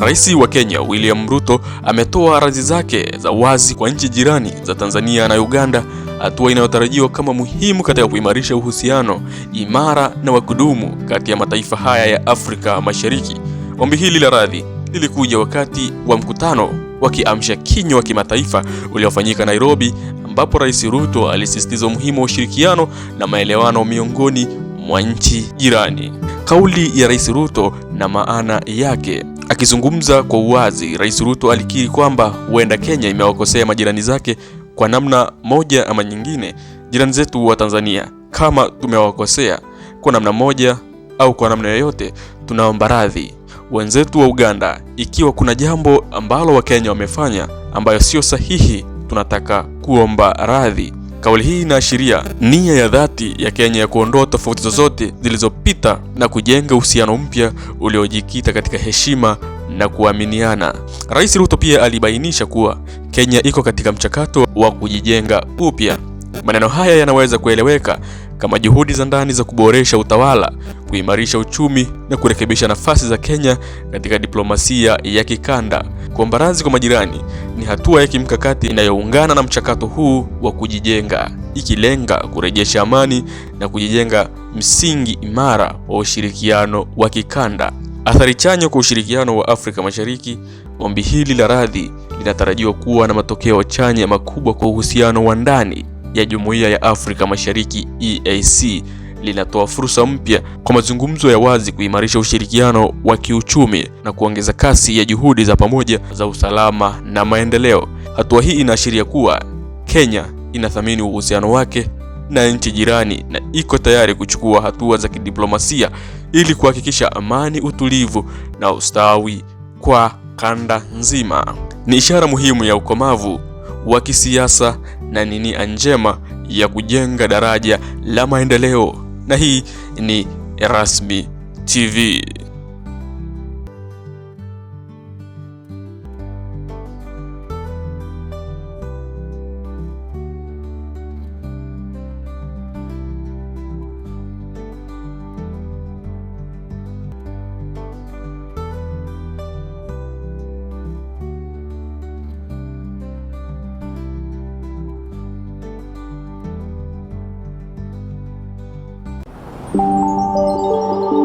Rais wa Kenya William Ruto ametoa radhi zake za wazi kwa nchi jirani za Tanzania na Uganda, hatua inayotarajiwa kama muhimu katika kuimarisha uhusiano imara na wa kudumu kati ya mataifa haya ya Afrika Mashariki. Ombi hili la radhi lilikuja wakati wa mkutano wa kiamsha kinywa wa kimataifa uliofanyika Nairobi, ambapo Rais Ruto alisisitiza umuhimu wa ushirikiano na maelewano miongoni mwa nchi jirani. Kauli ya Rais Ruto na maana yake Akizungumza kwa uwazi, Rais Ruto alikiri kwamba huenda Kenya imewakosea majirani zake kwa namna moja ama nyingine, jirani zetu wa Tanzania. Kama tumewakosea kwa namna moja au kwa namna yoyote, tunaomba radhi wenzetu wa Uganda. Ikiwa kuna jambo ambalo Wakenya wamefanya ambayo sio sahihi, tunataka kuomba radhi. Kauli hii inaashiria nia ya dhati ya Kenya ya kuondoa tofauti zozote zilizopita na kujenga uhusiano mpya uliojikita katika heshima, na kuaminiana. Rais Ruto pia alibainisha kuwa Kenya iko katika mchakato wa kujijenga upya. Maneno haya yanaweza kueleweka kama juhudi za ndani za kuboresha utawala, kuimarisha uchumi na kurekebisha nafasi za Kenya katika diplomasia ya kikanda. mbarazi kwa majirani ni hatua ya kimkakati inayoungana na mchakato huu wa kujijenga, ikilenga kurejesha amani na kujijenga msingi imara wa ushirikiano wa kikanda athari chanya kwa ushirikiano wa Afrika Mashariki. Ombi hili la radhi linatarajiwa kuwa na matokeo chanya makubwa kwa uhusiano wa ndani ya Jumuiya ya Afrika Mashariki EAC. Linatoa fursa mpya kwa mazungumzo ya wazi, kuimarisha ushirikiano wa kiuchumi na kuongeza kasi ya juhudi za pamoja za usalama na maendeleo. Hatua hii inaashiria kuwa Kenya inathamini uhusiano wake na nchi jirani na iko tayari kuchukua hatua za kidiplomasia ili kuhakikisha amani, utulivu na ustawi kwa kanda nzima. Ni ishara muhimu ya ukomavu wa kisiasa na ni nia njema ya kujenga daraja la maendeleo. Na hii ni rasmi TV. Música